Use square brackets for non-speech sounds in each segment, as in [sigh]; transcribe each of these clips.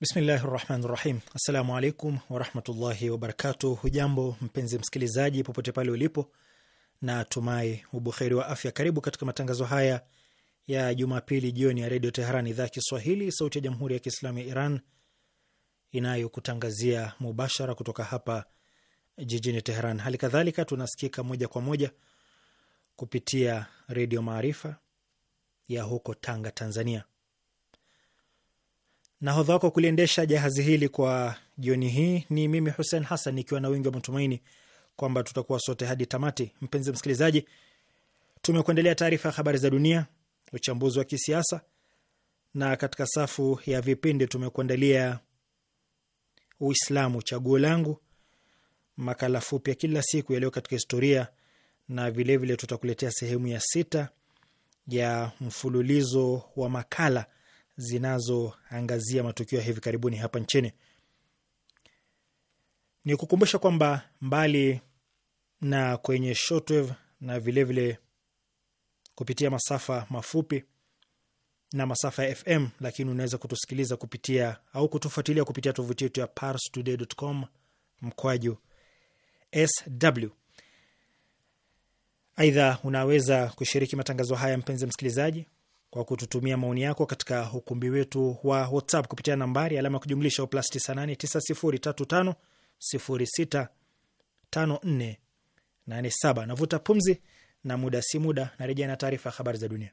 Bismillahi rahmani rahim. Assalamu alaikum warahmatullahi wabarakatuh. Hujambo mpenzi msikilizaji, popote pale ulipo, na tumai ubuheri wa afya. Karibu katika matangazo haya ya Jumapili jioni ya Redio Teheran, idhaa ya Kiswahili, sauti ya Jamhuri ya Kiislamu ya Iran, inayokutangazia mubashara kutoka hapa jijini Teheran. Hali kadhalika tunasikika moja kwa moja kupitia Redio Maarifa ya huko Tanga, Tanzania. Nahodha wako kuliendesha jahazi hili kwa jioni hii ni mimi Hussein Hassan, ikiwa na wingi wa matumaini kwamba tutakuwa sote hadi tamati. Mpenzi msikilizaji, tumekuendelea taarifa ya habari za dunia, uchambuzi wa kisiasa, na katika safu ya vipindi tumekuandalia Uislamu Chaguo Langu, makala fupi ya kila siku yaliyo katika historia, na vilevile vile tutakuletea sehemu ya sita ya mfululizo wa makala zinazoangazia matukio ya hivi karibuni hapa nchini. Ni kukumbusha kwamba mbali na kwenye shortwave na vilevile vile kupitia masafa mafupi na masafa ya FM, lakini unaweza kutusikiliza kupitia au kutufuatilia kupitia tovuti yetu ya parstoday.com mkwaju sw. Aidha, unaweza kushiriki matangazo haya, mpenzi msikilizaji, kwa kututumia maoni yako katika ukumbi wetu wa WhatsApp kupitia nambari alama ya kujumlisha plus 989035065487. Navuta pumzi na muda si muda narejea na taarifa ya habari za dunia.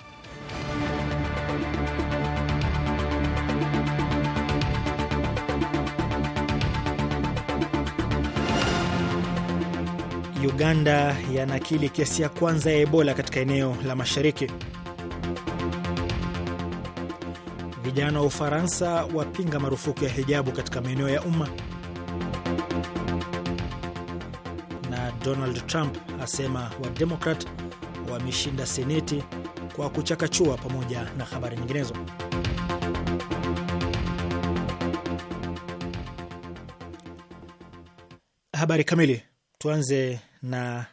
Uganda yanakili kesi ya kwanza ya Ebola katika eneo la mashariki. Vijana wa Ufaransa wapinga marufuku ya hijabu katika maeneo ya umma. Na Donald Trump asema Wademokrat wameshinda Seneti kwa kuchakachua, pamoja na habari nyinginezo. Habari kamili. Tuanze na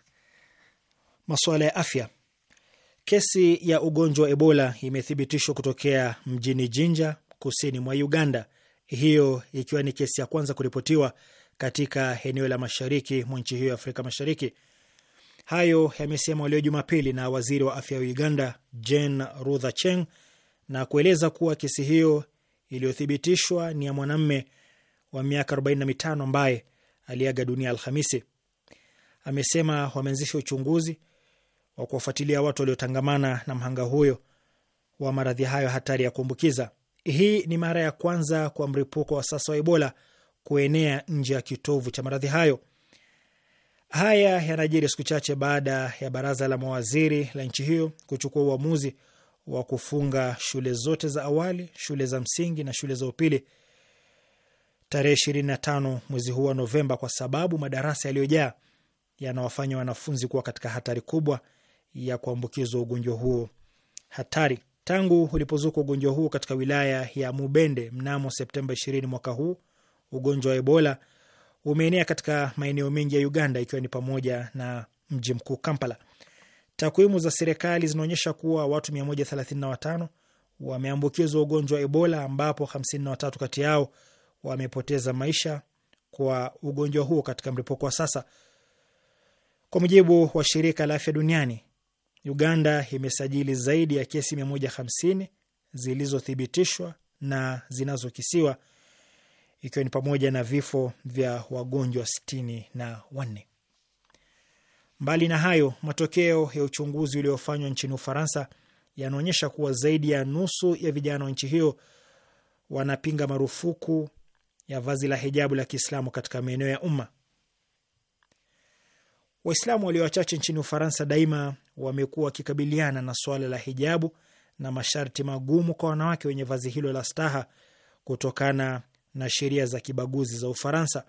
masuala ya afya. Kesi ya ugonjwa wa Ebola imethibitishwa kutokea mjini Jinja, kusini mwa Uganda, hiyo ikiwa ni kesi ya kwanza kuripotiwa katika eneo la mashariki mwa nchi hiyo ya Afrika Mashariki. Hayo yamesemwa leo Jumapili na waziri wa afya wa Uganda, Jane Rutha Cheng, na kueleza kuwa kesi hiyo iliyothibitishwa ni ya mwanamme wa miaka 45 ambaye aliaga dunia Alhamisi amesema wameanzisha uchunguzi wa kuwafuatilia watu waliotangamana na mhanga huyo wa maradhi hayo hatari ya kuambukiza. Hii ni mara ya kwanza kwa mripuko wa sasa wa Ebola kuenea nje ya kitovu cha maradhi hayo. Haya yanajiri siku chache baada ya baraza la mawaziri la nchi hiyo kuchukua uamuzi wa kufunga shule zote za awali, shule za msingi na shule za upili tarehe 25 mwezi huu wa Novemba kwa sababu madarasa yaliyojaa yanawafanya wanafunzi kuwa katika hatari kubwa ya kuambukizwa ugonjwa huo hatari. Tangu ulipozuka ugonjwa huo katika wilaya ya Mubende mnamo Septemba 20 mwaka huu, ugonjwa wa Ebola umeenea katika maeneo mengi ya Uganda, ikiwa ni pamoja na mji mkuu Kampala. Takwimu za serikali zinaonyesha kuwa watu 135 wameambukizwa ugonjwa wa Ebola, ambapo 53 kati yao wamepoteza maisha kwa ugonjwa huo katika mlipuko wa sasa. Kwa mujibu wa shirika la afya duniani, Uganda imesajili zaidi ya kesi 150 zilizothibitishwa na zinazokisiwa ikiwa ni pamoja na vifo vya wagonjwa sitini na wanne. Mbali na hayo, matokeo ya uchunguzi uliofanywa nchini Ufaransa yanaonyesha kuwa zaidi ya nusu ya vijana wa nchi hiyo wanapinga marufuku ya vazi la hijabu la Kiislamu katika maeneo ya umma. Waislamu walio wachache nchini Ufaransa daima wamekuwa wakikabiliana na swala la hijabu na masharti magumu kwa wanawake wenye vazi hilo la staha kutokana na sheria za kibaguzi za Ufaransa.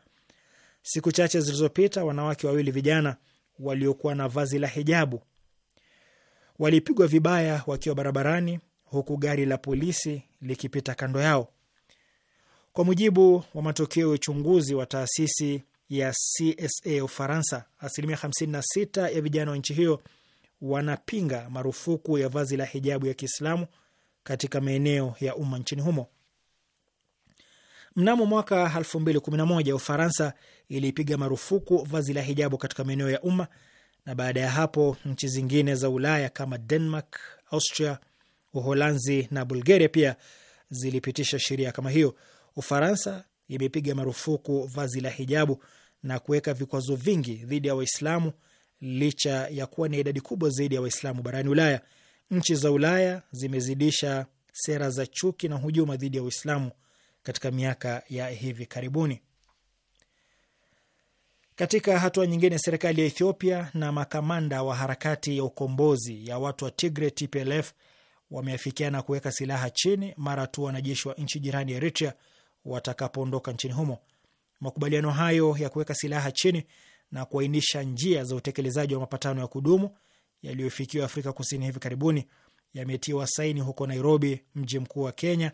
Siku chache zilizopita, wanawake wawili vijana waliokuwa na vazi la hijabu walipigwa vibaya wakiwa barabarani, huku gari la polisi likipita kando yao. Kwa mujibu wa matokeo ya uchunguzi wa taasisi ya CSA ya Ufaransa. Asilimia 56 ya vijana wa nchi hiyo wanapinga marufuku ya vazi la hijabu ya Kiislamu katika maeneo ya umma nchini humo. Mnamo mwaka 2011 Ufaransa ilipiga marufuku vazi la hijabu katika maeneo ya umma, na baada ya hapo nchi zingine za Ulaya kama Denmark, Austria, Uholanzi na Bulgaria pia zilipitisha sheria kama hiyo. Ufaransa imepiga marufuku vazi la hijabu na kuweka vikwazo vingi dhidi ya Waislamu licha ya kuwa ni idadi kubwa zaidi ya Waislamu barani Ulaya. Nchi za Ulaya zimezidisha sera za chuki na hujuma dhidi ya Uislamu katika miaka ya hivi karibuni. Katika hatua nyingine, serikali ya Ethiopia na makamanda wa harakati ya ukombozi ya watu wa Tigre, TPLF, wameafikiana kuweka silaha chini mara tu wanajeshi wa nchi jirani ya Eritrea watakapoondoka nchini humo. Makubaliano hayo ya kuweka silaha chini na kuainisha njia za utekelezaji wa mapatano ya kudumu yaliyofikiwa Afrika Kusini hivi karibuni yametiwa saini huko Nairobi, mji mkuu wa Kenya,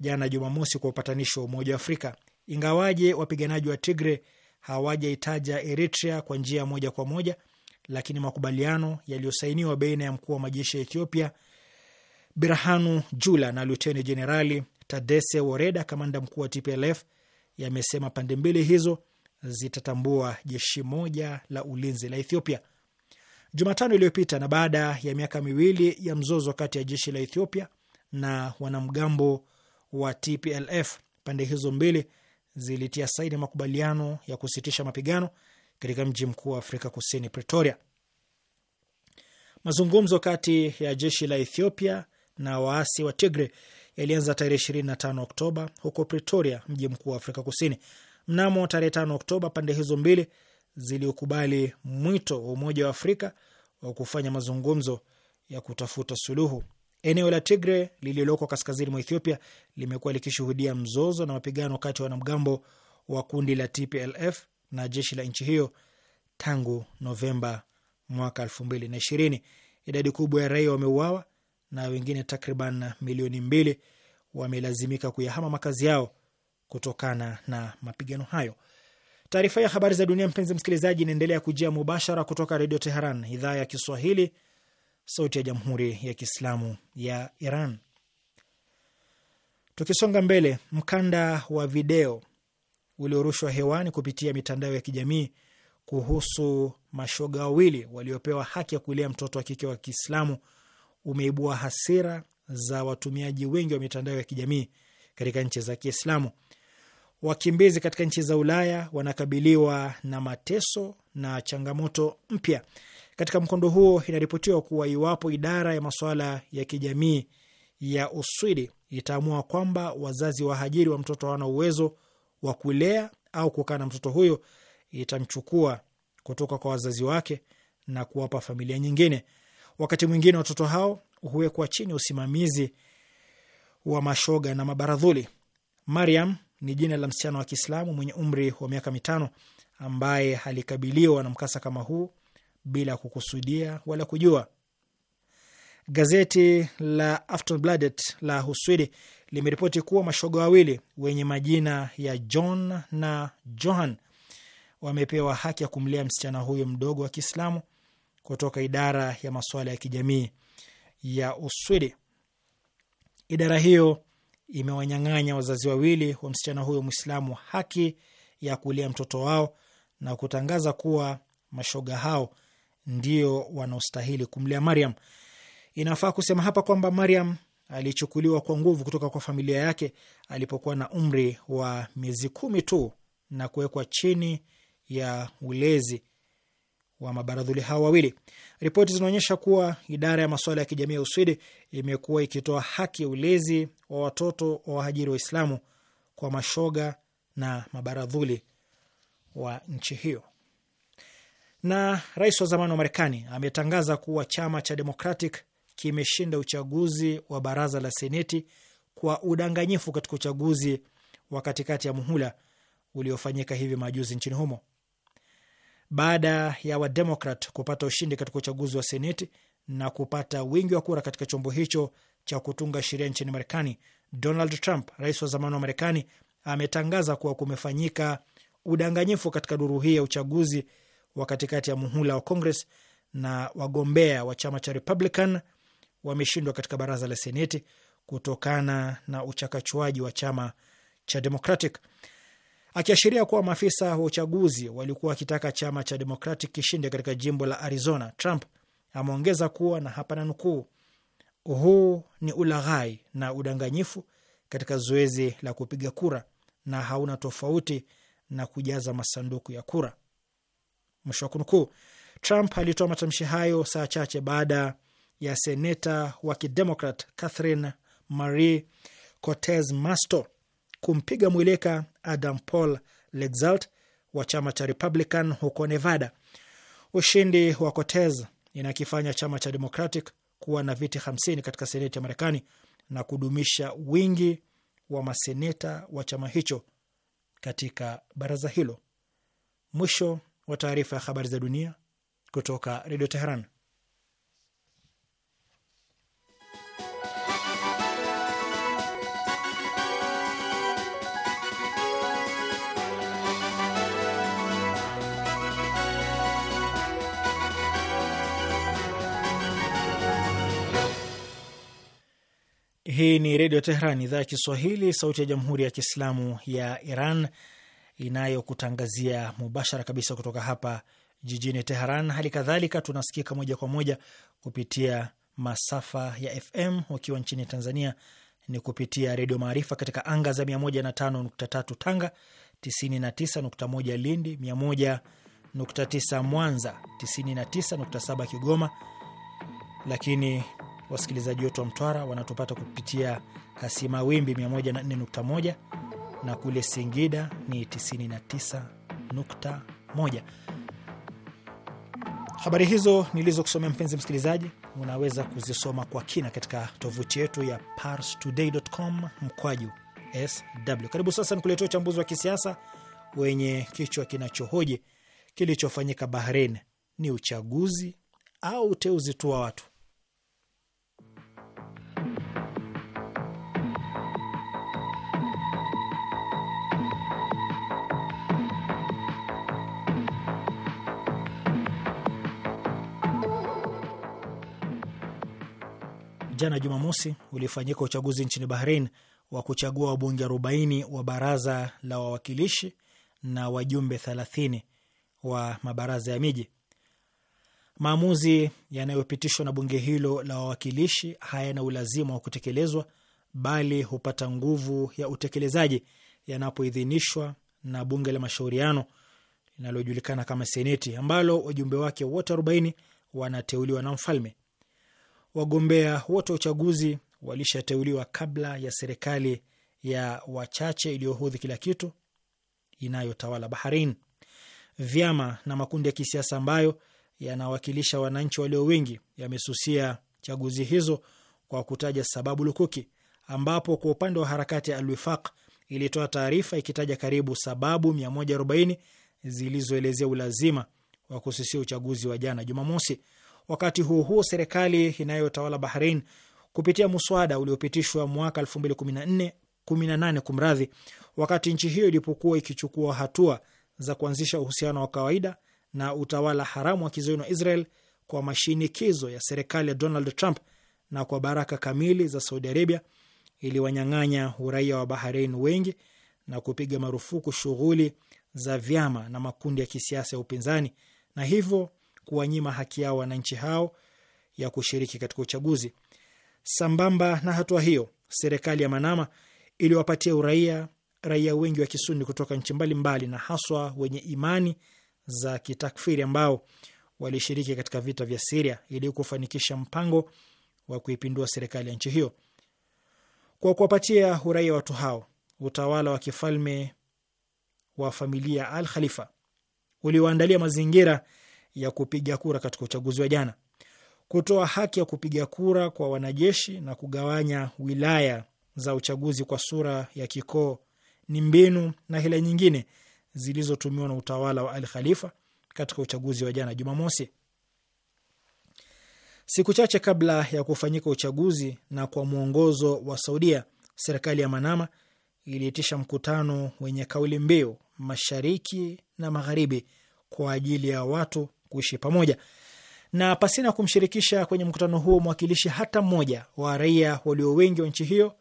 jana Jumamosi, kwa upatanishi wa Umoja wa Afrika. Ingawaje wapiganaji wa Tigre hawajaitaja Eritrea kwa njia moja kwa moja, lakini makubaliano yaliyosainiwa baina ya mkuu wa majeshi ya Ethiopia Birhanu Jula na luteni jenerali tadese Woreda, kamanda mkuu wa TPLF yamesema pande mbili hizo zitatambua jeshi moja la ulinzi la Ethiopia. Jumatano iliyopita na baada ya miaka miwili ya mzozo kati ya jeshi la Ethiopia na wanamgambo wa TPLF, pande hizo mbili zilitia saini makubaliano ya kusitisha mapigano katika mji mkuu wa Afrika Kusini, Pretoria. Mazungumzo kati ya jeshi la Ethiopia na waasi wa Tigre yalianza tarehe 25 Oktoba huko Pretoria, mji mkuu wa Afrika Kusini. Mnamo tarehe 5 Oktoba, pande hizo mbili ziliokubali mwito wa Umoja wa Afrika wa kufanya mazungumzo ya kutafuta suluhu. Eneo la Tigre lililoko kaskazini mwa Ethiopia limekuwa likishuhudia mzozo na mapigano kati ya wanamgambo wa kundi la TPLF na jeshi la nchi hiyo tangu Novemba mwaka ishirini. Idadi kubwa ya raia wameuawa na wengine takriban milioni mbili wamelazimika kuyahama makazi yao kutokana na mapigano hayo. Taarifa ya habari za dunia, mpenzi msikilizaji, inaendelea kujia mubashara kutoka Redio Teheran, idhaa ya Kiswahili, sauti ya Jamhuri ya Kiislamu ya Iran. Tukisonga mbele, mkanda wa video uliorushwa hewani kupitia mitandao ya kijamii kuhusu mashoga wawili waliopewa haki ya kulea mtoto wa kike wa Kiislamu umeibua hasira za watumiaji wengi wa mitandao ya kijamii katika nchi za Kiislamu. Wakimbizi katika nchi za Ulaya wanakabiliwa na mateso na changamoto mpya. Katika mkondo huo, inaripotiwa kuwa iwapo idara ya masuala ya kijamii ya Uswidi itaamua kwamba wazazi wahajiri wa mtoto hawana uwezo wa kulea au kukaa na mtoto huyo, itamchukua kutoka kwa wazazi wake na kuwapa familia nyingine. Wakati mwingine watoto hao huwekwa chini ya usimamizi wa mashoga na mabaradhuli. Mariam ni jina la msichana wa Kiislamu mwenye umri wa miaka mitano ambaye alikabiliwa na mkasa kama huu bila kukusudia wala kujua. Gazeti la Aftonbladet la Uswidi limeripoti kuwa mashoga wawili wenye majina ya John na Johan wamepewa haki ya kumlea msichana huyo mdogo wa Kiislamu kutoka idara ya masuala ya kijamii ya Uswidi. Idara hiyo imewanyang'anya wazazi wawili wa msichana huyo Mwislamu haki ya kulia mtoto wao na kutangaza kuwa mashoga hao ndio wanaostahili kumlea Mariam. Inafaa kusema hapa kwamba Mariam alichukuliwa kwa nguvu kutoka kwa familia yake alipokuwa na umri wa miezi kumi tu na kuwekwa chini ya ulezi wa mabaradhuli hao wawili. Ripoti zinaonyesha kuwa idara ya masuala ya kijamii ya Uswidi imekuwa ikitoa haki ya ulezi wa watoto wa wahajiri Waislamu kwa mashoga na mabaradhuli wa nchi hiyo. Na rais wa zamani wa Marekani ametangaza kuwa chama cha Democratic kimeshinda uchaguzi wa baraza la Seneti kwa udanganyifu katika uchaguzi wa katikati ya muhula uliofanyika hivi majuzi nchini humo baada ya Wademokrat kupata ushindi katika uchaguzi wa Seneti na kupata wingi wa kura katika chombo hicho cha kutunga sheria nchini Marekani, Donald Trump, rais wa zamani wa Marekani, ametangaza kuwa kumefanyika udanganyifu katika duru hii ya uchaguzi wa katikati ya muhula wa Congress na wagombea wa chama cha Republican wameshindwa katika baraza la Seneti kutokana na uchakachuaji wa chama cha Democratic akiashiria kuwa maafisa wa uchaguzi walikuwa wakitaka chama cha Democratic kishinde katika jimbo la Arizona. Trump ameongeza kuwa na hapana nukuu, huu ni ulaghai na udanganyifu katika zoezi la kupiga kura na hauna tofauti na kujaza masanduku ya kura, mwisho wa kunukuu. Trump alitoa matamshi hayo saa chache baada ya seneta wa kidemokrat Catherine Marie Cortez Masto kumpiga mwileka Adam Paul Lexalt wa chama cha Republican huko Nevada. Ushindi wa Cortez inakifanya chama cha Democratic kuwa na viti 50 katika seneti ya Marekani na kudumisha wingi wa maseneta wa chama hicho katika baraza hilo. Mwisho wa taarifa ya habari za dunia kutoka Redio Teheran. Hii ni Redio Tehran, idhaa ya Kiswahili, sauti ya Jamhuri ya Kiislamu ya Iran inayokutangazia mubashara kabisa kutoka hapa jijini Teheran. Hali kadhalika tunasikika moja kwa moja kupitia masafa ya FM. Ukiwa nchini Tanzania ni kupitia Redio Maarifa katika anga za 105.3 Tanga, 99.1 Lindi, 101.9 Mwanza, 99.7 Kigoma, lakini wasikilizaji wetu wa Mtwara wanatupata kupitia kasima wimbi 104.1 na kule Singida ni 99.1. Habari hizo nilizokusomea mpenzi msikilizaji, unaweza kuzisoma kwa kina katika tovuti yetu ya parstoday.com mkwaju sw. Karibu sasa ni kuletea uchambuzi wa kisiasa wenye kichwa kinachohoji kilichofanyika Bahrein ni uchaguzi au uteuzi tu wa watu jana Jumamosi ulifanyika uchaguzi nchini Bahrain wa kuchagua wabunge 40 wa baraza la wawakilishi na wajumbe 30 wa mabaraza ya miji. Maamuzi yanayopitishwa na bunge hilo la wawakilishi hayana ulazima wa kutekelezwa, bali hupata nguvu ya utekelezaji yanapoidhinishwa na bunge la mashauriano linalojulikana kama Seneti, ambalo wajumbe wake wote 40 wanateuliwa na mfalme wagombea wote wa uchaguzi walishateuliwa kabla ya serikali ya wachache iliyohudhi kila kitu inayotawala Bahrain. Vyama na makundi ya kisiasa ambayo yanawakilisha wananchi walio wengi yamesusia chaguzi hizo kwa kutaja sababu lukuki, ambapo kwa upande wa harakati ya Alwifaq ilitoa taarifa ikitaja karibu sababu 140 zilizoelezea ulazima wa kususia uchaguzi wa jana Jumamosi. Wakati huo huo, serikali inayotawala Bahrain kupitia muswada uliopitishwa mwaka 2014 kumradhi, wakati nchi hiyo ilipokuwa ikichukua hatua za kuanzisha uhusiano wa kawaida na utawala haramu wa kizayuni wa Israel kwa mashinikizo ya serikali ya Donald Trump na kwa baraka kamili za Saudi Arabia iliwanyang'anya uraia wa Bahrain wengi na kupiga marufuku shughuli za vyama na makundi ya kisiasa ya upinzani na hivyo kuwanyima haki yao wananchi hao ya kushiriki katika uchaguzi. Sambamba na hatua hiyo, serikali ya Manama iliwapatia uraia raia wengi wa Kisuni kutoka nchi mbalimbali na haswa wenye imani za kitakfiri ambao walishiriki katika vita vya Siria ili kufanikisha mpango wa kuipindua serikali ya nchi hiyo. Kwa kuwapatia uraia watu hao, utawala wa kifalme wa familia Al Khalifa uliwaandalia mazingira ya kupiga kura katika uchaguzi wa jana, kutoa haki ya kupiga kura kwa wanajeshi na kugawanya wilaya za uchaguzi kwa sura ya kikoo ni mbinu na hila nyingine zilizotumiwa na utawala wa Al Khalifa katika uchaguzi wa jana Jumamosi. Siku chache kabla ya kufanyika uchaguzi na kwa mwongozo wa Saudia, serikali ya Manama iliitisha mkutano wenye kauli mbiu mashariki na magharibi kwa ajili ya watu kuishi pamoja. Na pasina kumshirikisha kwenye mkutano huo mwakilishi hata mmoja wa raia walio wengi wa nchi hiyo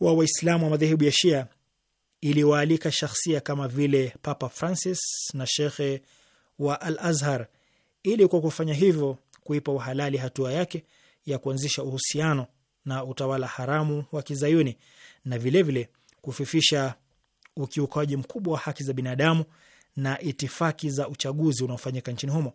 wa Waislamu wa madhehebu ya Shia, iliwaalika shakhsia kama vile Papa Francis na shekhe wa Al Azhar ili kwa kufanya hivyo kuipa uhalali hatua yake ya kuanzisha uhusiano na utawala haramu wa kizayuni na vilevile vile kufifisha ukiukaji mkubwa wa haki za binadamu na itifaki za uchaguzi unaofanyika nchini humo.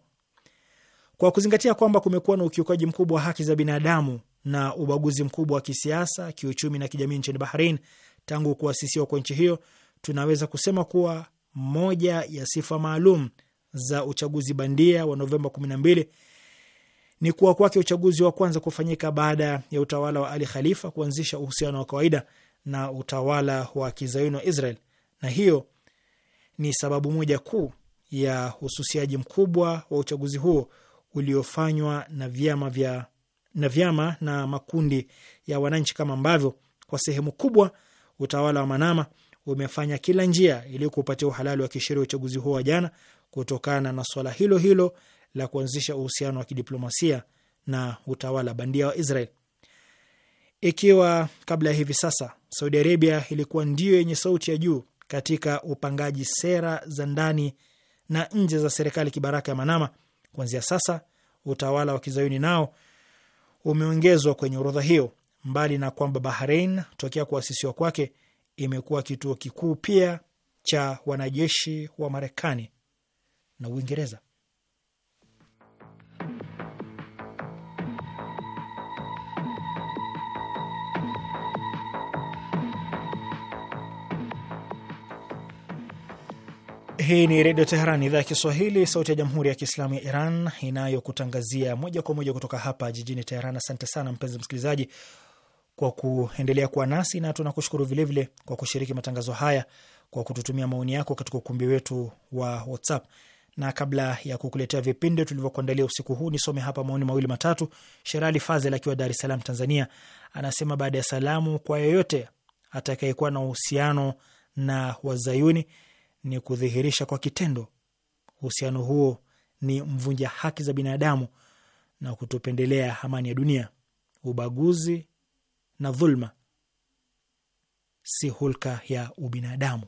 Kwa kuzingatia kwamba kumekuwa na ukiukaji mkubwa wa haki za binadamu na ubaguzi mkubwa wa kisiasa, kiuchumi na kijamii nchini Bahrain tangu kuasisiwa kwa nchi hiyo, tunaweza kusema kuwa moja ya sifa maalum za uchaguzi bandia wa Novemba 12 ni kuwa kwake uchaguzi wa kwanza kufanyika baada ya utawala wa Ali Khalifa kuanzisha uhusiano wa kawaida na utawala wa kizayuni wa Israel, na hiyo ni sababu moja kuu ya uhususiaji mkubwa wa uchaguzi huo uliofanywa na vyama, vya, na vyama na makundi ya wananchi kama ambavyo kwa sehemu kubwa utawala wa Manama umefanya kila njia ili kupatia uhalali wa kisheria uchaguzi huo wa jana kutokana na swala hilo hilo la kuanzisha uhusiano wa kidiplomasia na utawala bandia wa Israel. Ikiwa kabla ya hivi sasa Saudi Arabia ilikuwa ndiyo yenye sauti ya juu katika upangaji sera za ndani na nje za serikali kibaraka ya Manama. Kuanzia sasa, utawala wa kizayuni nao umeongezwa kwenye orodha hiyo, mbali na kwamba bahrein tokea kuasisiwa kwake imekuwa kituo kikuu pia cha wanajeshi wa Marekani na Uingereza. Hii ni Redio Teheran, idhaa ya Kiswahili, sauti ya Jamhuri ya Kiislamu ya Iran inayokutangazia moja kwa moja kutoka hapa jijini Teheran. Asante sana mpenzi msikilizaji kwa kuendelea kuwa nasi na tunakushukuru vilevile kwa kushiriki matangazo haya kwa kututumia maoni yako katika ukumbi wetu wa WhatsApp. Na kabla ya kukuletea vipindi tulivyokuandalia usiku huu, nisome hapa maoni mawili matatu. Sherali Fazel akiwa Dar es Salaam, Tanzania, anasema baada ya salamu, kwa yeyote atakayekuwa na uhusiano na wazayuni ni kudhihirisha kwa kitendo uhusiano huo ni mvunja haki za binadamu na kutupendelea amani ya dunia. Ubaguzi na dhulma si hulka ya ubinadamu.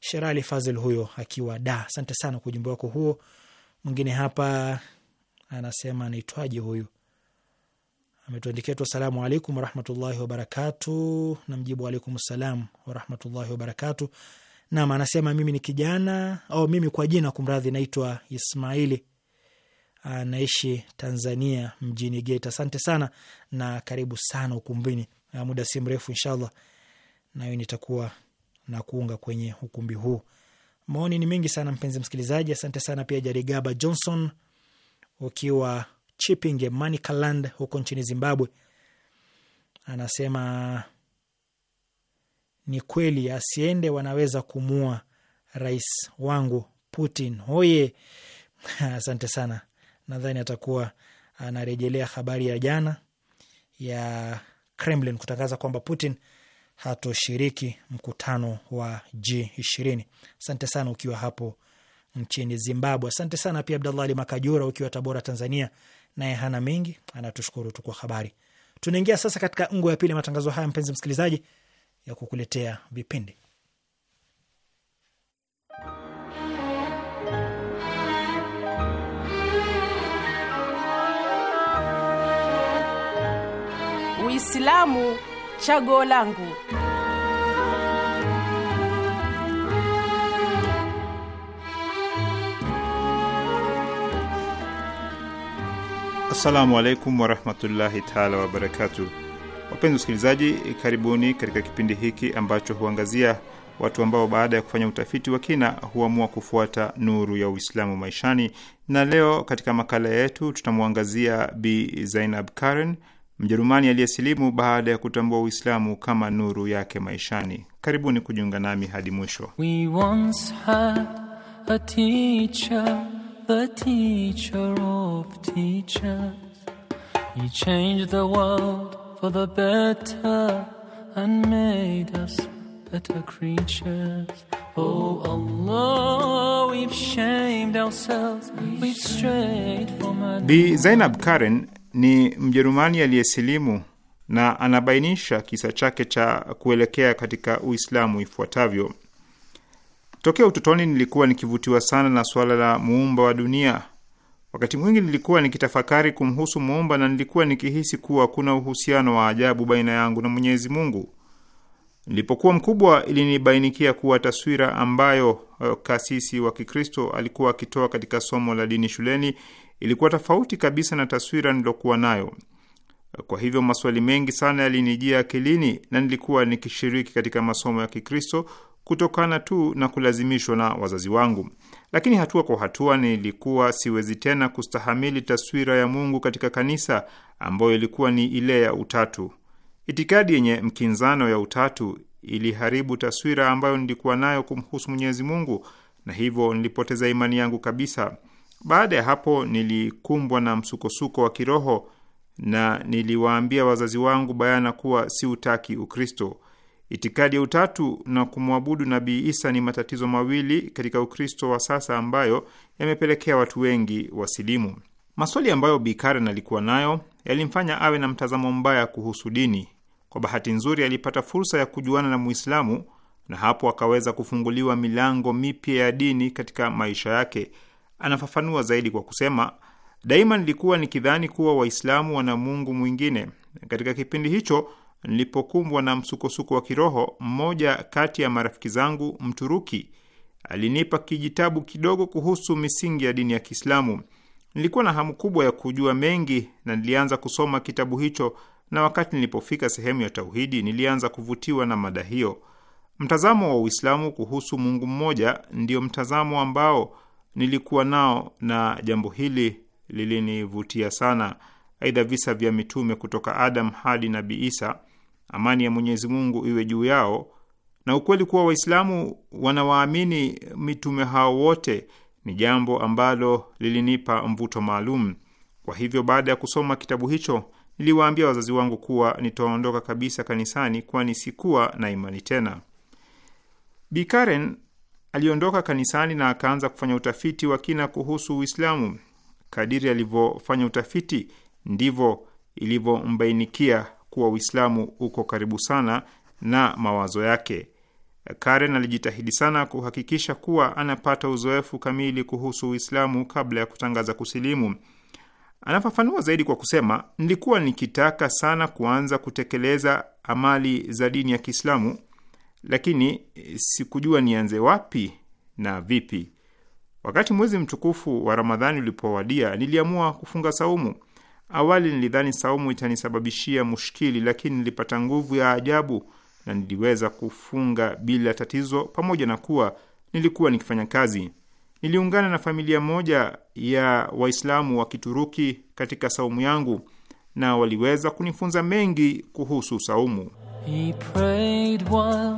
Sherali Fazil huyo akiwa da. Asante sana kwa ujumbe wako huo. Mwingine hapa anasema anaitwaje huyu, ametuandikia tu asalamu alaikum warahmatullahi wabarakatu, na mjibu alaikum salam warahmatullahi wabarakatu. Nam anasema mimi ni kijana au mimi kwa jina kumradhi, naitwa Ismaili, anaishi Tanzania, mjini Geita. Asante sana na karibu sana ukumbini. Muda si mrefu, inshallah nayo nitakuwa na kuunga kwenye ukumbi huu. Maoni ni mengi sana, mpenzi msikilizaji. Asante sana pia Jarigaba Johnson ukiwa Chipinge Manicaland huko nchini Zimbabwe, anasema ni kweli, asiende wanaweza kumua rais wangu Putin. Hoye, [laughs] asante sana. Nadhani atakuwa anarejelea habari ya jana ya Kremlin kutangaza kwamba Putin hatoshiriki mkutano wa G20. Asante sana ukiwa hapo nchini Zimbabwe. Asante sana pia Abdallah Ali Makajura ukiwa Tabora, Tanzania, naye hana mengi, anatushukuru tu kwa habari. Tunaingia sasa katika ngo ya pili matangazo haya, mpenzi msikilizaji ya kukuletea vipindi Uislamu chaguo langu. Assalamu alaikum warahmatullahi taala wabarakatuh. Wapenzi wasikilizaji, karibuni katika kipindi hiki ambacho huangazia watu ambao baada ya kufanya utafiti wa kina huamua kufuata nuru ya Uislamu maishani. Na leo katika makala yetu tutamwangazia Bi Zainab Karen, Mjerumani aliyesilimu baada ya kutambua Uislamu kama nuru yake maishani. Karibuni kujiunga nami hadi mwisho. teacher, teacher for the better and made us better creatures. Oh Allah, we've shamed ourselves, we've strayed from our... Bi Zainab Karen ni Mjerumani aliyesilimu na anabainisha kisa chake cha kuelekea katika Uislamu ifuatavyo. Tokea utotoni nilikuwa nikivutiwa sana na suala la muumba wa dunia Wakati mwingi nilikuwa nikitafakari kumhusu Muumba na nilikuwa nikihisi kuwa kuna uhusiano wa ajabu baina yangu na Mwenyezi Mungu. Nilipokuwa mkubwa, ilinibainikia kuwa taswira ambayo uh, kasisi wa Kikristo alikuwa akitoa katika somo la dini shuleni ilikuwa tofauti kabisa na taswira nilokuwa nayo. Kwa hivyo maswali mengi sana yalinijia akilini na nilikuwa nikishiriki katika masomo ya Kikristo kutokana tu na kulazimishwa na wazazi wangu, lakini hatua kwa hatua nilikuwa siwezi tena kustahamili taswira ya Mungu katika kanisa ambayo ilikuwa ni ile ya utatu. Itikadi yenye mkinzano ya utatu iliharibu taswira ambayo nilikuwa nayo kumhusu Mwenyezi Mungu, na hivyo nilipoteza imani yangu kabisa. Baada ya hapo, nilikumbwa na msukosuko wa kiroho na niliwaambia wazazi wangu bayana kuwa si utaki Ukristo. Itikadi ya utatu na kumwabudu Nabii Isa ni matatizo mawili katika Ukristo wa sasa ambayo yamepelekea watu wengi wasilimu. Maswali ambayo Bi Karen alikuwa nayo yalimfanya awe na mtazamo mbaya kuhusu dini. Kwa bahati nzuri, alipata fursa ya kujuana na Muislamu na hapo akaweza kufunguliwa milango mipya ya dini katika maisha yake. Anafafanua zaidi kwa kusema, daima nilikuwa nikidhani kuwa Waislamu wana Mungu mwingine. Katika kipindi hicho nilipokumbwa na msukosuko wa kiroho, mmoja kati ya marafiki zangu Mturuki alinipa kijitabu kidogo kuhusu misingi ya dini ya Kiislamu. Nilikuwa na hamu kubwa ya kujua mengi na nilianza kusoma kitabu hicho, na wakati nilipofika sehemu ya tauhidi, nilianza kuvutiwa na mada hiyo. Mtazamo wa Uislamu kuhusu Mungu mmoja ndio mtazamo ambao nilikuwa nao na jambo hili lilinivutia sana. Aidha, visa vya mitume kutoka Adam hadi Nabii Isa amani ya Mwenyezi Mungu iwe juu yao, na ukweli kuwa Waislamu wanawaamini mitume hao wote ni jambo ambalo lilinipa mvuto maalum. Kwa hivyo, baada ya kusoma kitabu hicho, niliwaambia wazazi wangu kuwa nitaondoka kabisa kanisani, kwani sikuwa na imani tena. Bi Karen aliondoka kanisani na akaanza kufanya utafiti wa kina kuhusu Uislamu. Kadiri alivyofanya utafiti, ndivyo ilivyombainikia kuwa Uislamu uko karibu sana na mawazo yake. Karen alijitahidi sana kuhakikisha kuwa anapata uzoefu kamili kuhusu Uislamu kabla ya kutangaza kusilimu. Anafafanua zaidi kwa kusema, nilikuwa nikitaka sana kuanza kutekeleza amali za dini ya Kiislamu, lakini sikujua nianze wapi na vipi. Wakati mwezi mtukufu wa Ramadhani ulipowadia, niliamua kufunga saumu. Awali nilidhani saumu itanisababishia mushkili, lakini nilipata nguvu ya ajabu na niliweza kufunga bila tatizo, pamoja na kuwa nilikuwa nikifanya kazi. Niliungana na familia moja ya Waislamu wa Kituruki katika saumu yangu na waliweza kunifunza mengi kuhusu saumu. He prayed while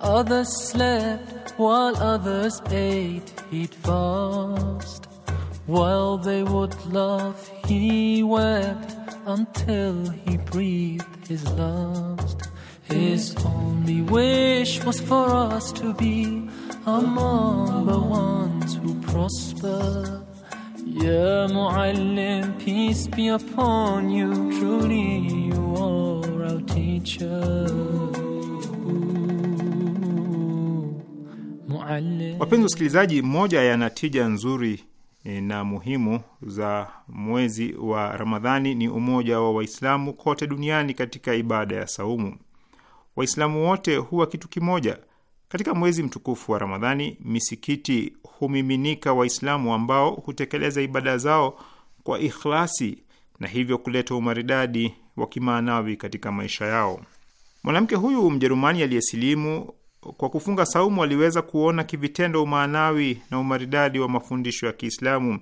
others slept, while others ate, he'd fast. While they would laugh, he wept until he breathed his last. His only wish was for us to be among the ones who prosper. Ya Mu'allim, peace be upon you, truly you are our teacher. Wapenzi wasikilizaji, moja ya natija nzuri E, na muhimu za mwezi wa Ramadhani ni umoja wa Waislamu kote duniani katika ibada ya saumu. Waislamu wote huwa kitu kimoja katika mwezi mtukufu wa Ramadhani. Misikiti humiminika Waislamu ambao hutekeleza ibada zao kwa ikhlasi na hivyo kuleta umaridadi wa kimaanawi katika maisha yao. Mwanamke huyu Mjerumani aliyesilimu kwa kufunga saumu aliweza kuona kivitendo umaanawi na umaridadi wa mafundisho ya Kiislamu.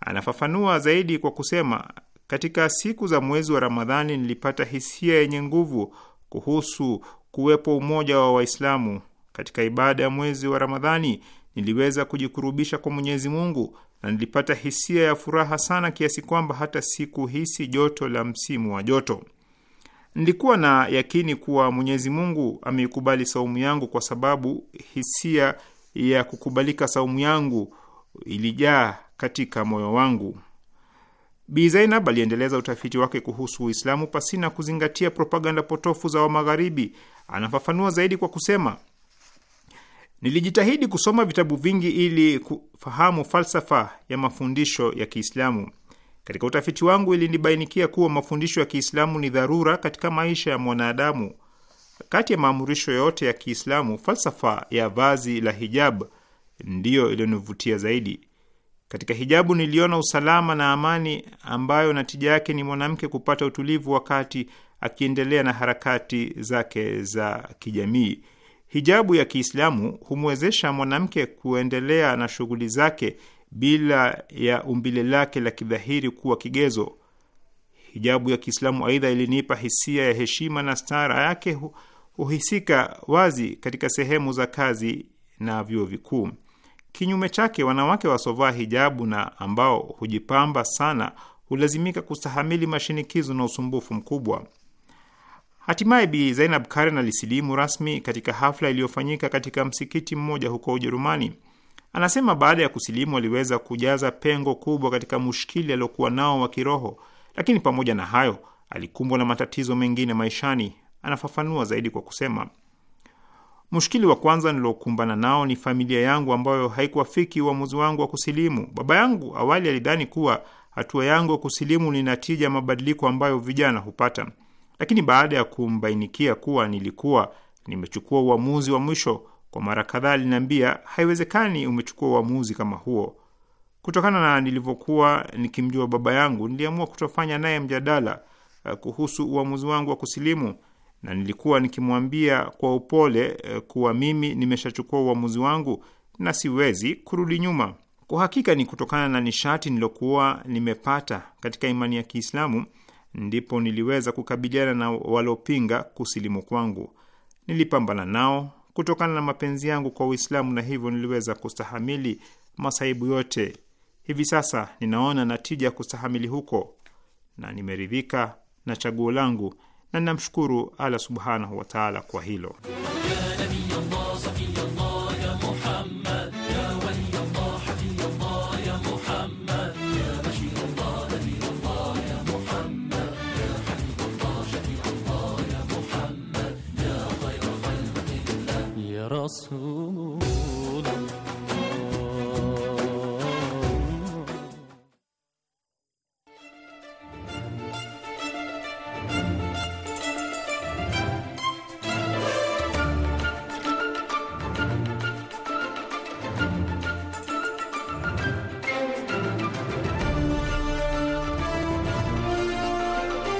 Anafafanua zaidi kwa kusema, katika siku za mwezi wa Ramadhani nilipata hisia yenye nguvu kuhusu kuwepo umoja wa Waislamu. Katika ibada ya mwezi wa Ramadhani niliweza kujikurubisha kwa Mwenyezi Mungu na nilipata hisia ya furaha sana kiasi kwamba hata siku hisi joto la msimu wa joto. Nilikuwa na yakini kuwa Mwenyezi Mungu ameikubali saumu yangu, kwa sababu hisia ya kukubalika saumu yangu ilijaa katika moyo wangu. Bi Zainab aliendeleza utafiti wake kuhusu Uislamu pasina kuzingatia propaganda potofu za Wamagharibi. Anafafanua zaidi kwa kusema, nilijitahidi kusoma vitabu vingi ili kufahamu falsafa ya mafundisho ya Kiislamu. Katika utafiti wangu ilinibainikia kuwa mafundisho ya Kiislamu ni dharura katika maisha ya mwanadamu. Kati ya maamurisho yote ya Kiislamu, falsafa ya vazi la hijab ndiyo iliyonivutia zaidi. Katika hijabu niliona usalama na amani, ambayo natija yake ni mwanamke kupata utulivu wakati akiendelea na harakati zake za kijamii. Hijabu ya Kiislamu humwezesha mwanamke kuendelea na shughuli zake bila ya umbile lake la kidhahiri kuwa kigezo. Hijabu ya Kiislamu aidha ilinipa hisia ya heshima na stara yake huhisika wazi katika sehemu za kazi na vyuo vikuu. Kinyume chake, wanawake wasovaa hijabu na ambao hujipamba sana hulazimika kustahamili mashinikizo na usumbufu mkubwa. Hatimaye Bi Zainab Karen alisilimu rasmi katika hafla iliyofanyika katika msikiti mmoja huko Ujerumani. Anasema baada ya kusilimu aliweza kujaza pengo kubwa katika mushkili aliokuwa nao wa kiroho, lakini pamoja na hayo alikumbwa na matatizo mengine maishani. Anafafanua zaidi kwa kusema, mushkili wa kwanza nilokumbana nao ni familia yangu ambayo haikuwafiki uamuzi wangu wa kusilimu. Baba yangu awali alidhani kuwa hatua yangu ya kusilimu ni natija mabadiliko ambayo vijana hupata, lakini baada ya kumbainikia kuwa nilikuwa nimechukua uamuzi wa mwisho kwa mara kadhaa aliniambia, haiwezekani umechukua uamuzi kama huo. Kutokana na nilivyokuwa nikimjua baba yangu, niliamua kutofanya naye mjadala eh, kuhusu uamuzi wangu wa kusilimu, na nilikuwa nikimwambia kwa upole eh, kuwa mimi nimeshachukua uamuzi wangu na siwezi kurudi nyuma. Kwa hakika ni kutokana na nishati nilokuwa nimepata katika imani ya Kiislamu ndipo niliweza kukabiliana na walopinga kusilimu kwangu. Nilipambana nao kutokana na mapenzi yangu kwa Uislamu na hivyo niliweza kustahamili masaibu yote. Hivi sasa ninaona natija ya kustahamili huko na nimeridhika na chaguo langu na ninamshukuru Allah subhanahu wataala kwa hilo.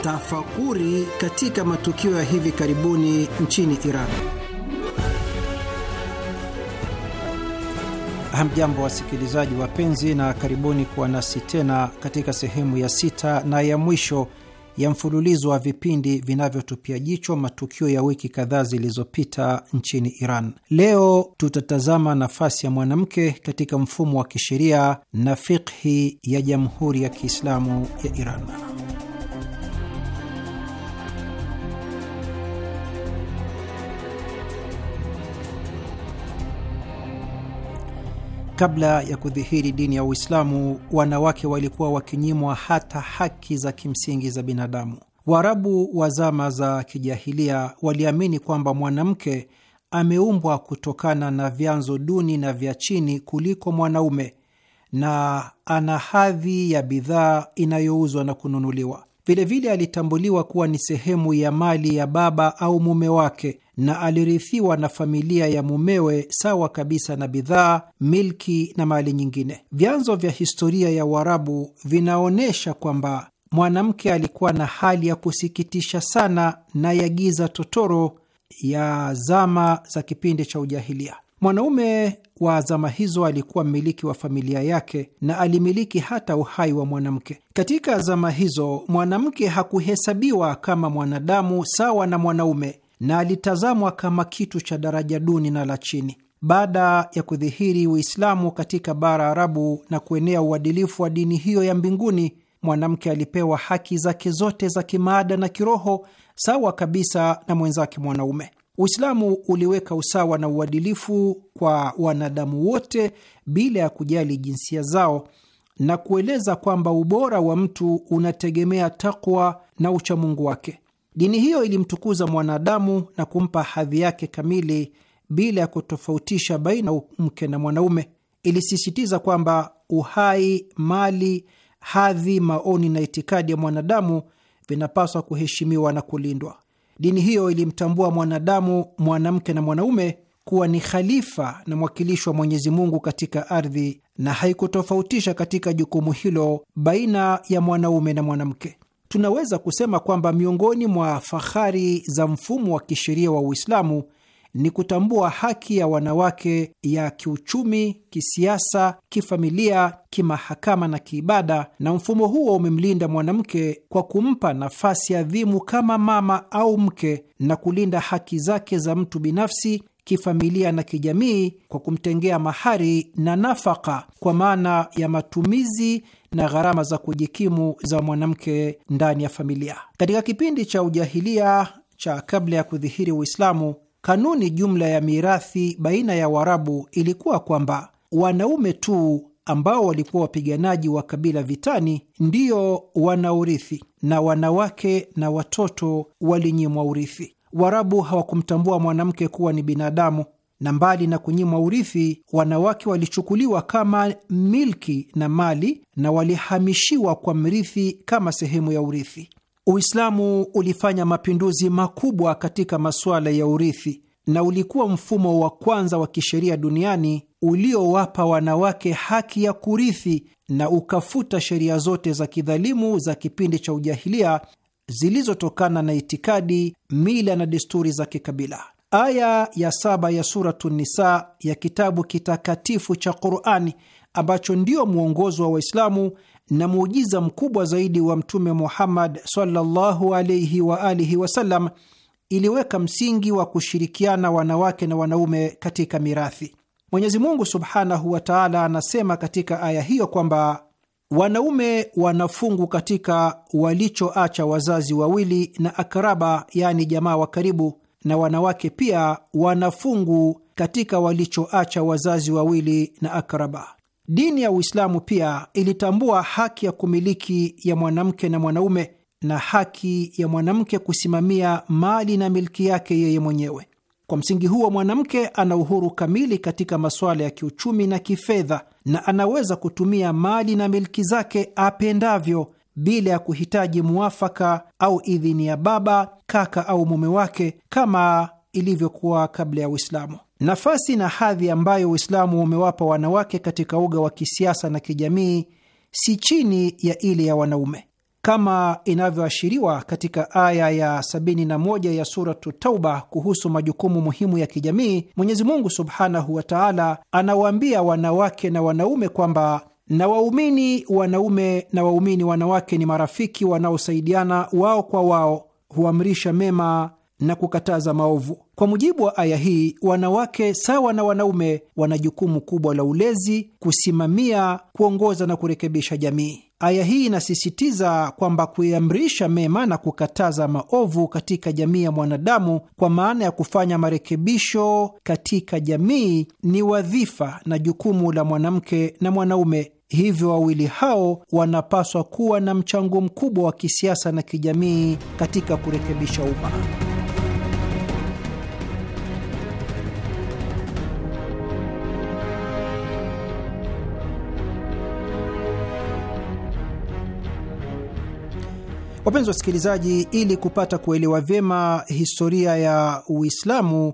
Tafakuri katika matukio ya hivi karibuni nchini Iran. Hamjambo wasikilizaji wapenzi, na karibuni kuwa nasi tena katika sehemu ya sita na ya mwisho ya mfululizo wa vipindi vinavyotupia jicho matukio ya wiki kadhaa zilizopita nchini Iran. Leo tutatazama nafasi ya mwanamke katika mfumo wa kisheria na fikhi ya Jamhuri ya Kiislamu ya Iran. Kabla ya kudhihiri dini ya Uislamu, wanawake walikuwa wakinyimwa hata haki za kimsingi za binadamu. Waarabu wa zama za kijahilia waliamini kwamba mwanamke ameumbwa kutokana na vyanzo duni na vya chini kuliko mwanaume na ana hadhi ya bidhaa inayouzwa na kununuliwa. Vilevile alitambuliwa kuwa ni sehemu ya mali ya baba au mume wake na alirithiwa na familia ya mumewe sawa kabisa na bidhaa, milki na mali nyingine. Vyanzo vya historia ya Uarabu vinaonyesha kwamba mwanamke alikuwa na hali ya kusikitisha sana na ya giza totoro ya zama za kipindi cha ujahilia. Mwanaume wa azama hizo alikuwa mmiliki wa familia yake na alimiliki hata uhai wa mwanamke. Katika azama hizo, mwanamke hakuhesabiwa kama mwanadamu sawa na mwanaume na alitazamwa kama kitu cha daraja duni na la chini. Baada ya kudhihiri Uislamu katika bara Arabu na kuenea uadilifu wa dini hiyo ya mbinguni, mwanamke alipewa haki zake zote za kimaada na kiroho sawa kabisa na mwenzake mwanaume. Uislamu uliweka usawa na uadilifu kwa wanadamu wote bila ya kujali jinsia zao na kueleza kwamba ubora wa mtu unategemea takwa na uchamungu wake. Dini hiyo ilimtukuza mwanadamu na kumpa hadhi yake kamili bila ya kutofautisha baina mke na mwanaume. Ilisisitiza kwamba uhai, mali, hadhi, maoni na itikadi ya mwanadamu vinapaswa kuheshimiwa na kulindwa. Dini hiyo ilimtambua mwanadamu, mwanamke na mwanaume kuwa ni khalifa na mwakilishi wa Mwenyezi Mungu katika ardhi na haikutofautisha katika jukumu hilo baina ya mwanaume na mwanamke. Tunaweza kusema kwamba miongoni mwa fahari za mfumo wa kisheria wa Uislamu ni kutambua haki ya wanawake ya kiuchumi, kisiasa, kifamilia, kimahakama na kiibada, na mfumo huo umemlinda mwanamke kwa kumpa nafasi adhimu kama mama au mke na kulinda haki zake za mtu binafsi kifamilia na kijamii kwa kumtengea mahari na nafaka kwa maana ya matumizi na gharama za kujikimu za mwanamke ndani ya familia. Katika kipindi cha ujahilia cha kabla ya kudhihiri Uislamu, Kanuni jumla ya mirathi baina ya Waarabu ilikuwa kwamba wanaume tu ambao walikuwa wapiganaji wa kabila vitani ndio wanaurithi na wanawake na watoto walinyimwa urithi. Waarabu hawakumtambua mwanamke kuwa ni binadamu, na mbali na kunyimwa urithi, wanawake walichukuliwa kama milki na mali na walihamishiwa kwa mrithi kama sehemu ya urithi. Uislamu ulifanya mapinduzi makubwa katika masuala ya urithi na ulikuwa mfumo wa kwanza wa kisheria duniani uliowapa wanawake haki ya kurithi na ukafuta sheria zote za kidhalimu za kipindi cha ujahilia zilizotokana na itikadi, mila na desturi za kikabila. Aya ya saba ya Suratu Nisa ya kitabu kitakatifu cha Qurani ambacho ndio mwongozo wa Waislamu na muujiza mkubwa zaidi wa Mtume Muhammad sallallahu alaihi wa alihi wasallam iliweka msingi wa kushirikiana wanawake na wanaume katika mirathi. Mwenyezi Mungu subhanahu wa taala anasema katika aya hiyo kwamba wanaume wanafungu katika walichoacha wazazi wawili na akraba, yaani jamaa wa karibu, na wanawake pia wanafungu katika walichoacha wazazi wawili na akraba. Dini ya Uislamu pia ilitambua haki ya kumiliki ya mwanamke na mwanaume na haki ya mwanamke kusimamia mali na milki yake yeye mwenyewe. Kwa msingi huo, mwanamke ana uhuru kamili katika masuala ya kiuchumi na kifedha, na anaweza kutumia mali na milki zake apendavyo bila ya kuhitaji muafaka au idhini ya baba, kaka au mume wake kama ilivyokuwa kabla ya Uislamu. Nafasi na hadhi ambayo Uislamu umewapa wanawake katika uga wa kisiasa na kijamii si chini ya ile ya wanaume kama inavyoashiriwa katika aya ya 71 ya Suratu Tauba kuhusu majukumu muhimu ya kijamii. Mwenyezi Mungu subhanahu wa taala anawaambia wanawake na wanaume kwamba na waumini wanaume na waumini wanawake ni marafiki wanaosaidiana wao kwa wao, huamrisha mema na kukataza maovu kwa mujibu wa aya hii, wanawake sawa na wanaume wana jukumu kubwa la ulezi, kusimamia, kuongoza na kurekebisha jamii. Aya hii inasisitiza kwamba kuiamrisha mema na kukataza maovu katika jamii ya mwanadamu, kwa maana ya kufanya marekebisho katika jamii, ni wadhifa na jukumu la mwanamke na mwanaume. Hivyo wawili hao wanapaswa kuwa na mchango mkubwa wa kisiasa na kijamii katika kurekebisha umma. Wapenzi wasikilizaji, ili kupata kuelewa vyema historia ya Uislamu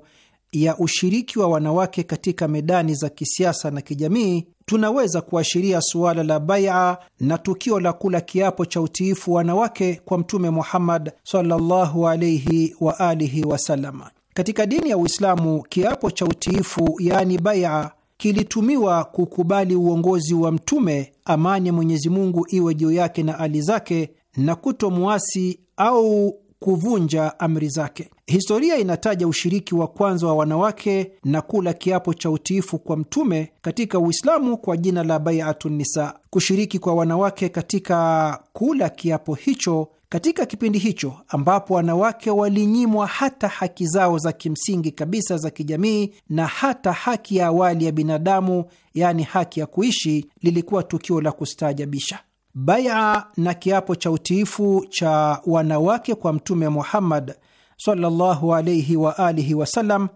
ya ushiriki wa wanawake katika medani za kisiasa na kijamii, tunaweza kuashiria suala la baia na tukio la kula kiapo cha utiifu wanawake kwa Mtume Muhammad sallallahu alaihi wa alihi wasallam. Katika dini ya Uislamu, kiapo cha utiifu yaani baia kilitumiwa kukubali uongozi wa Mtume, amani ya Mwenyezi Mungu iwe juu yake na ali zake na kutomuasi au kuvunja amri zake. Historia inataja ushiriki wa kwanza wa wanawake na kula kiapo cha utiifu kwa mtume katika Uislamu kwa jina la baiatun nisa. Kushiriki kwa wanawake katika kula kiapo hicho katika kipindi hicho ambapo wanawake walinyimwa hata haki zao za kimsingi kabisa za kijamii na hata haki ya awali ya binadamu, yaani haki ya kuishi, lilikuwa tukio la kustaajabisha. Baia na kiapo cha utiifu cha wanawake kwa Mtume Muhammad sallallahu alayhi wa alihi wasallam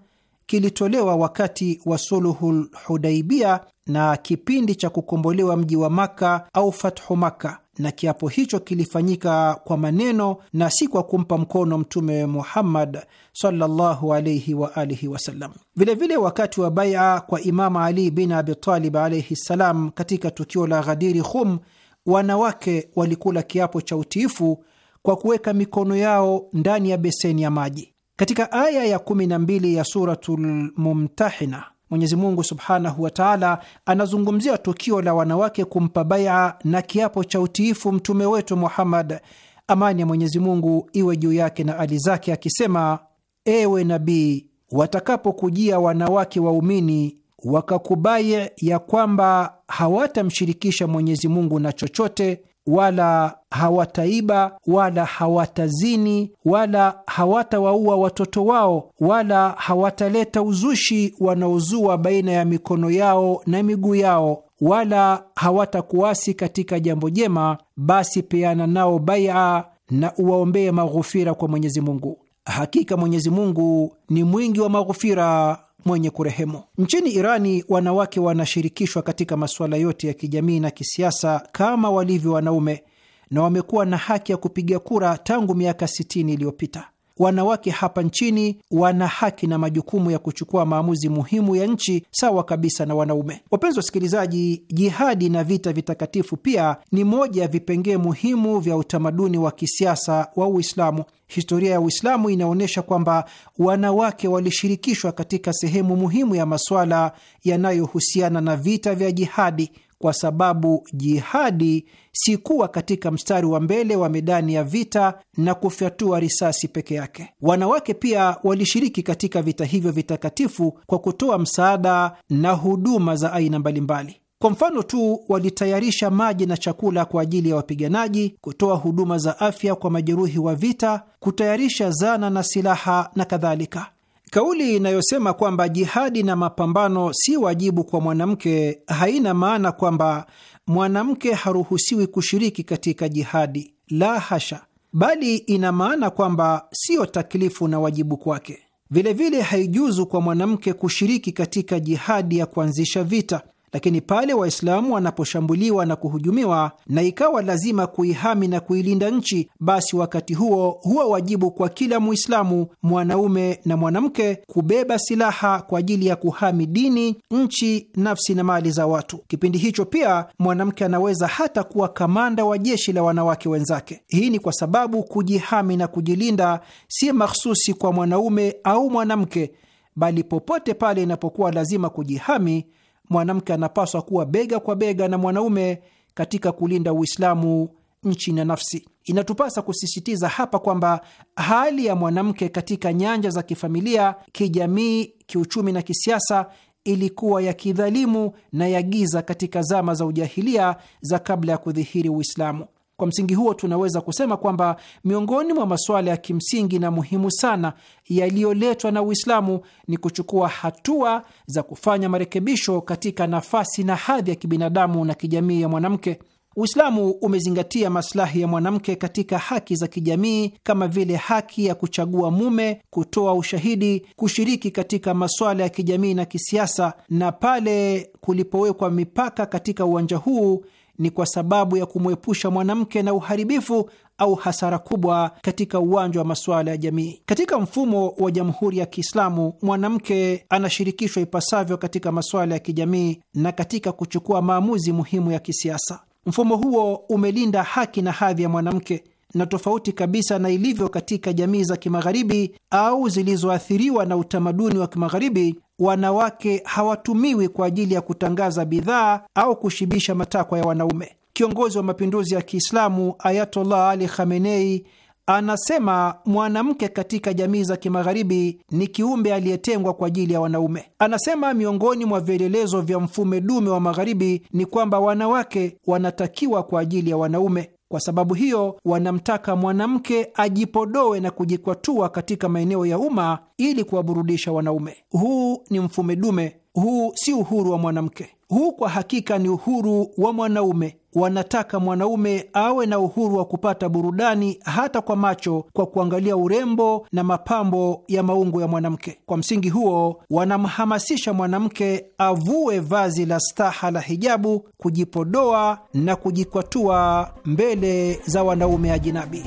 kilitolewa wakati wa Suluhul Hudaibia na kipindi cha kukombolewa mji wa Makka au Fathu Makka, na kiapo hicho kilifanyika kwa maneno na si kwa kumpa mkono Mtume Muhammad sallallahu alayhi wa alihi wasallam. Vilevile, wakati wa baia kwa Imamu Ali bin Abitalib alaihi ssalam katika tukio la Ghadiri Khum wanawake walikula kiapo cha utiifu kwa kuweka mikono yao ndani ya beseni ya maji. Katika aya ya 12 ya Suratul Mumtahina, Mwenyezi Mungu subhanahu wa taala anazungumzia tukio la wanawake kumpa baia na kiapo cha utiifu mtume wetu Muhammad, amani ya Mwenyezi Mungu iwe juu yake na ali zake, akisema: ewe nabii, watakapokujia wanawake waumini wakakubai ya kwamba hawatamshirikisha Mwenyezi Mungu na chochote wala hawataiba wala hawatazini wala hawatawaua watoto wao wala hawataleta uzushi wanaozua baina ya mikono yao na miguu yao wala hawatakuasi katika jambo jema, basi peana nao baia na uwaombee maghufira kwa Mwenyezi Mungu. Hakika Mwenyezi Mungu ni mwingi wa maghufira, mwenye kurehemu. Nchini Irani, wanawake wanashirikishwa katika masuala yote ya kijamii na kisiasa kama walivyo wanaume na wamekuwa na haki ya kupiga kura tangu miaka 60 iliyopita wanawake hapa nchini wana haki na majukumu ya kuchukua maamuzi muhimu ya nchi sawa kabisa na wanaume. Wapenzi wasikilizaji, jihadi na vita vitakatifu pia ni moja ya vipengee muhimu vya utamaduni wa kisiasa wa Uislamu. Historia ya Uislamu inaonyesha kwamba wanawake walishirikishwa katika sehemu muhimu ya masuala yanayohusiana na vita vya jihadi kwa sababu jihadi si kuwa katika mstari wa mbele wa medani ya vita na kufyatua risasi peke yake. Wanawake pia walishiriki katika vita hivyo vitakatifu kwa kutoa msaada na huduma za aina mbalimbali. Kwa mfano tu, walitayarisha maji na chakula kwa ajili ya wapiganaji, kutoa huduma za afya kwa majeruhi wa vita, kutayarisha zana na silaha na kadhalika. Kauli inayosema kwamba jihadi na mapambano si wajibu kwa mwanamke haina maana kwamba mwanamke haruhusiwi kushiriki katika jihadi, la hasha, bali ina maana kwamba siyo taklifu na wajibu kwake. Vilevile haijuzu kwa mwanamke kushiriki katika jihadi ya kuanzisha vita, lakini pale Waislamu wanaposhambuliwa na kuhujumiwa na ikawa lazima kuihami na kuilinda nchi, basi wakati huo huwa wajibu kwa kila Muislamu, mwanaume na mwanamke, kubeba silaha kwa ajili ya kuhami dini, nchi, nafsi na mali za watu. Kipindi hicho pia mwanamke anaweza hata kuwa kamanda wa jeshi la wanawake wenzake. Hii ni kwa sababu kujihami na kujilinda si mahsusi kwa mwanaume au mwanamke, bali popote pale inapokuwa lazima kujihami mwanamke anapaswa kuwa bega kwa bega na mwanaume katika kulinda Uislamu nchi na nafsi. Inatupasa kusisitiza hapa kwamba hali ya mwanamke katika nyanja za kifamilia, kijamii, kiuchumi na kisiasa ilikuwa ya kidhalimu na ya giza katika zama za ujahilia za kabla ya kudhihiri Uislamu. Kwa msingi huo tunaweza kusema kwamba miongoni mwa masuala ya kimsingi na muhimu sana yaliyoletwa na Uislamu ni kuchukua hatua za kufanya marekebisho katika nafasi na hadhi ya kibinadamu na kijamii ya mwanamke. Uislamu umezingatia maslahi ya mwanamke katika haki za kijamii kama vile haki ya kuchagua mume, kutoa ushahidi, kushiriki katika masuala ya kijamii na kisiasa, na pale kulipowekwa mipaka katika uwanja huu ni kwa sababu ya kumwepusha mwanamke na uharibifu au hasara kubwa katika uwanja wa masuala ya jamii. Katika mfumo wa Jamhuri ya Kiislamu, mwanamke anashirikishwa ipasavyo katika masuala ya kijamii na katika kuchukua maamuzi muhimu ya kisiasa. Mfumo huo umelinda haki na hadhi ya mwanamke na tofauti kabisa na ilivyo katika jamii za kimagharibi au zilizoathiriwa na utamaduni wa kimagharibi, wanawake hawatumiwi kwa ajili ya kutangaza bidhaa au kushibisha matakwa ya wanaume. Kiongozi wa mapinduzi ya Kiislamu Ayatollah Ali Khamenei anasema mwanamke katika jamii za kimagharibi ni kiumbe aliyetengwa kwa ajili ya wanaume. Anasema miongoni mwa vielelezo vya mfumo dume wa magharibi ni kwamba wanawake wanatakiwa kwa ajili ya wanaume. Kwa sababu hiyo, wanamtaka mwanamke ajipodoe na kujikwatua katika maeneo ya umma ili kuwaburudisha wanaume. Huu ni mfumo dume, huu si uhuru wa mwanamke. Huu kwa hakika ni uhuru wa mwanaume. Wanataka mwanaume awe na uhuru wa kupata burudani hata kwa macho, kwa kuangalia urembo na mapambo ya maungo ya mwanamke. Kwa msingi huo, wanamhamasisha mwanamke avue vazi la staha la hijabu, kujipodoa na kujikwatua mbele za wanaume ajinabi.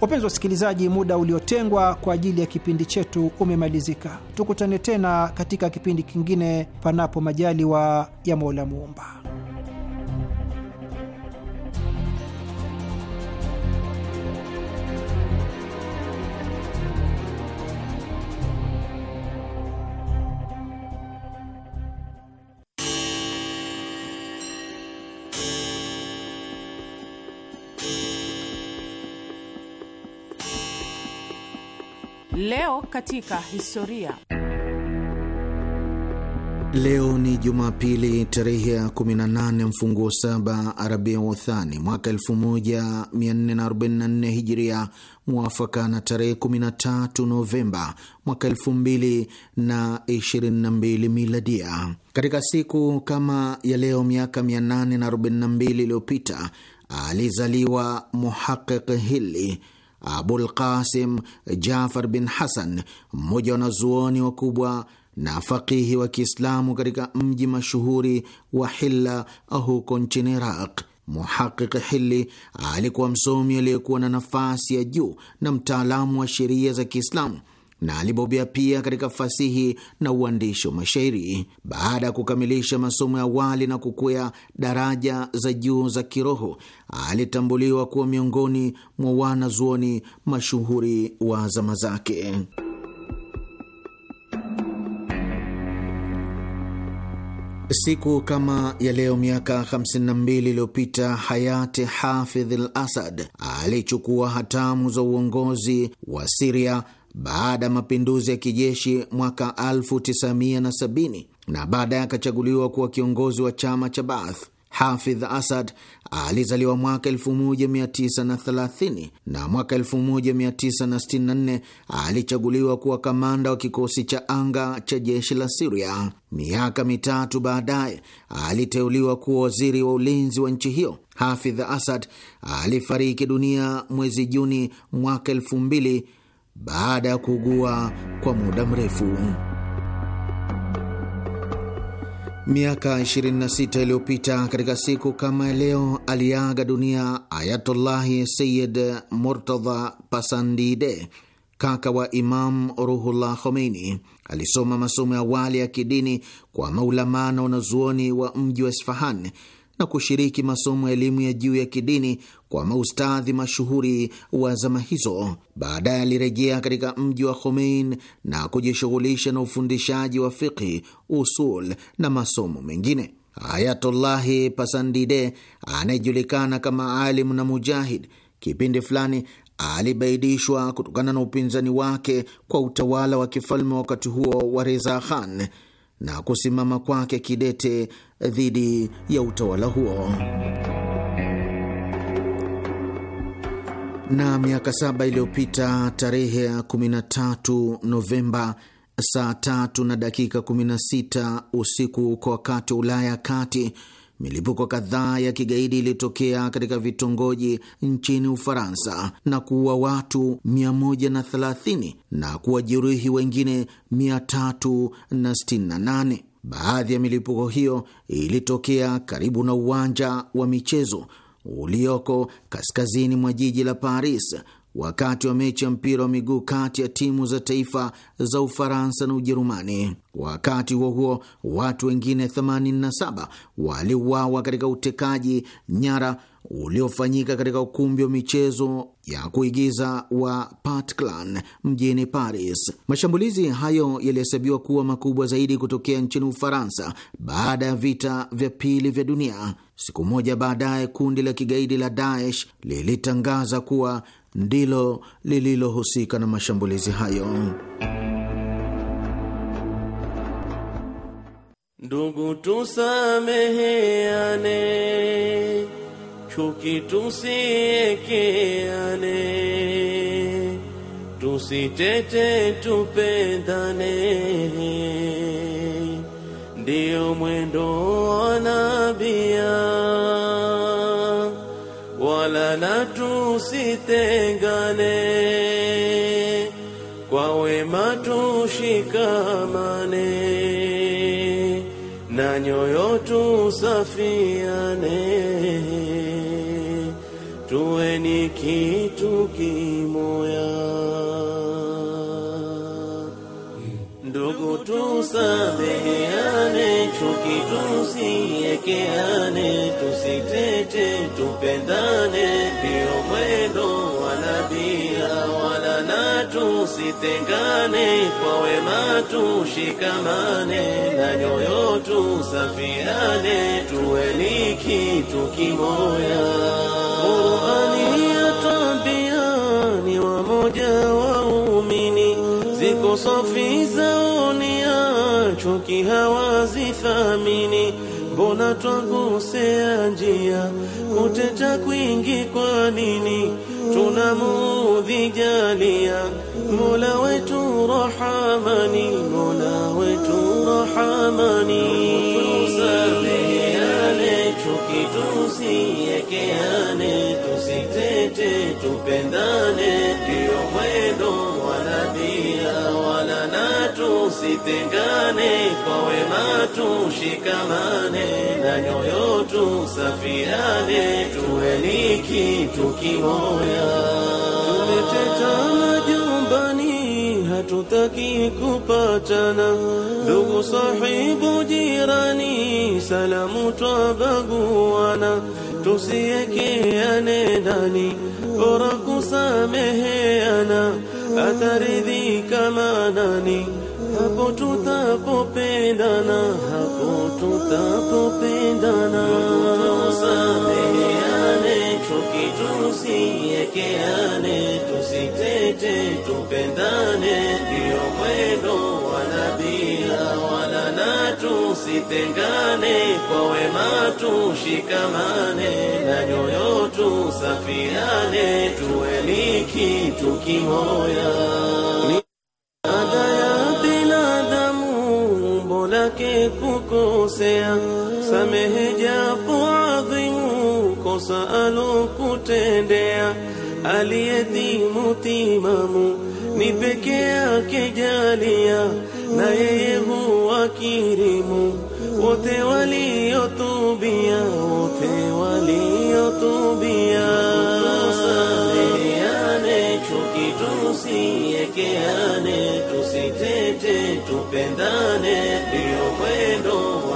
Wapenzi wasikilizaji, muda uliotengwa kwa ajili ya kipindi chetu umemalizika. Tukutane tena katika kipindi kingine, panapo majaliwa ya Mola Muumba. Leo katika historia. Leo ni Jumapili tarehe ya 18 mfunguo saba Arabia Wathani mwaka 1444 Hijiria, mwafaka na tarehe 13 Novemba mwaka 2022 Miladia. Katika siku kama ya leo miaka 842 iliyopita alizaliwa Muhaqiq Hili, Abul Qasim Jafar bin Hasan, mmoja wa wanazuoni wakubwa na faqihi wa Kiislamu katika mji mashuhuri wa Hilla huko nchini Iraq. Muhaqiq Hili alikuwa msomi aliyekuwa na nafasi ya juu na mtaalamu wa sheria za Kiislamu na alibobea pia katika fasihi na uandishi wa mashairi. Baada ya kukamilisha masomo ya awali na kukwea daraja za juu za kiroho, alitambuliwa kuwa miongoni mwa wanazuoni mashuhuri wa zama zake. Siku kama ya leo miaka 52 iliyopita hayati Hafidh al Asad alichukua hatamu za uongozi wa Siria baada ya mapinduzi ya kijeshi mwaka 1970 na baadaye akachaguliwa kuwa kiongozi wa chama cha Baath. Hafidh Asad alizaliwa mwaka 1930 na mwaka 1964 alichaguliwa kuwa kamanda wa kikosi cha anga cha jeshi la Siria. Miaka mitatu baadaye aliteuliwa kuwa waziri wa ulinzi wa nchi hiyo. Hafidh Asad alifariki dunia mwezi Juni mwaka baada ya kuugua kwa muda mrefu. Miaka 26 iliyopita katika siku kama leo aliaga dunia Ayatullahi Sayid Murtadha Pasandide, kaka wa Imam Ruhullah Khomeini. Alisoma masomo ya awali ya kidini kwa maulamana na wanazuoni wa mji wa Isfahan na kushiriki masomo ya elimu ya juu ya kidini kwa maustadhi mashuhuri wa zama hizo. Baadaye alirejea katika mji wa Khomein na kujishughulisha na ufundishaji wa fiqhi, usul na masomo mengine. Ayatullahi Pasandide anayejulikana kama alimu na mujahid, kipindi fulani alibaidishwa kutokana na upinzani wake kwa utawala wa kifalme wakati huo wa Reza Khan na kusimama kwake kidete dhidi ya utawala huo. Na miaka saba iliyopita tarehe ya 13 Novemba saa tatu na dakika 16 usiku kwa wakati wa Ulaya Kati, milipuko kadhaa ya kigaidi ilitokea katika vitongoji nchini Ufaransa na kuua watu 130 na kuwajeruhi wengine 368. Baadhi ya milipuko hiyo ilitokea karibu na uwanja wa michezo ulioko kaskazini mwa jiji la Paris wakati wa mechi ya mpira wa miguu kati ya timu za taifa za Ufaransa na Ujerumani. Wakati huo huo, watu wengine 87 waliuawa katika utekaji nyara uliofanyika katika ukumbi wa michezo ya kuigiza wa Bataclan mjini Paris. Mashambulizi hayo yalihesabiwa kuwa makubwa zaidi kutokea nchini Ufaransa baada ya vita vya pili vya dunia. Siku moja baadaye kundi la kigaidi la Daesh lilitangaza kuwa ndilo lililohusika na mashambulizi hayo. Ndugu, tusameheane, chuki tusiekeane, tusitete, tupendane ndio mwendo wa nabia, wala na tusitengane, kwa wema tushikamane, na nyoyo tusafiane, tuwe ni kitu kimoya. tusameheane, chuki tusiekeane, tusitete, tupendane, ndio mwendo wa nabia wala na tusitengane, kwa wema tushikamane, na nyoyo tusafiane, tuweni kitu kimoya. Qurani ni wamoja safi chuki hawazithamini, mbona twakosea njia, kuteta kwingi kwa nini? tunamudhijalia jalia, Mola wetu rahamani, Mola wetu rahamani chuki tusiekeane, tusitete, tupendane, ndio mwendo tusitengane, kwa wema tushikamane, na nyoyo tusafiane, tuweni kitu kimoya. Tumetetana jumbani, hatutaki kupatana, ndugu sahibu jirani, salamu twabaguana, tusiekeane ndani, bora kusameheana, ataridhika manani hapo tutapopendana, hapo tutapopendana, tusameheane, chuki tusiekeane, tusitete, tupendane, ndiyo mwendo wa nabia wala na tusitengane, kwa wema tushikamane, na nyoyo tusafiane, tuwe liki tukimoya kukosea, samehe japo adhimu, kosa alokutendea. Aliyedhimu timamu ni peke yake jalia, na yeye huwa kirimu. Wote waliotubia, wote waliotubia, tusameheane, chuki tusiekeane, tusitete, tupendane, ndiyo kwendo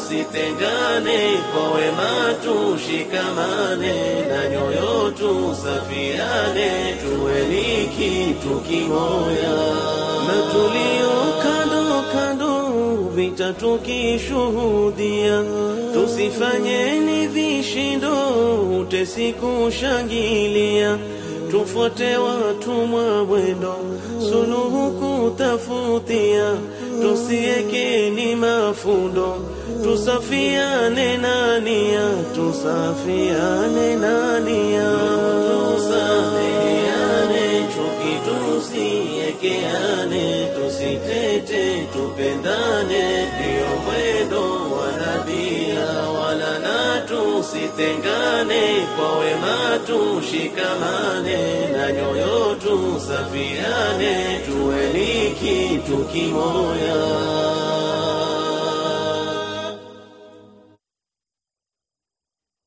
tusitengane, kwa wema tushikamane, na nyoyo tusafiane, tuweni kitu kimoya na tulio kando kando, vita tukishuhudia, tusifanyeni vishindo, utesi kushangilia tufuate watumwa mwendo, suluhu kutafutia tusieke ni mafundo, tusafiane nania nia, tusafiane na tusafiane chuki, tusiekeane, tusitete, tupendane, ndio mwendo tusitengane, kwa wema tushikamane, na nyoyo tusafiane, tuweni kitu kimoya.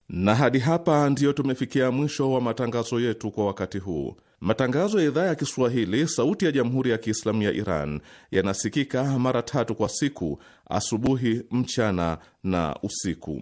Na hadi hapa ndiyo tumefikia mwisho wa matangazo yetu kwa wakati huu. Matangazo ya idhaa ya Kiswahili, Sauti ya Jamhuri ya Kiislamu ya Iran yanasikika mara tatu kwa siku: asubuhi, mchana na usiku.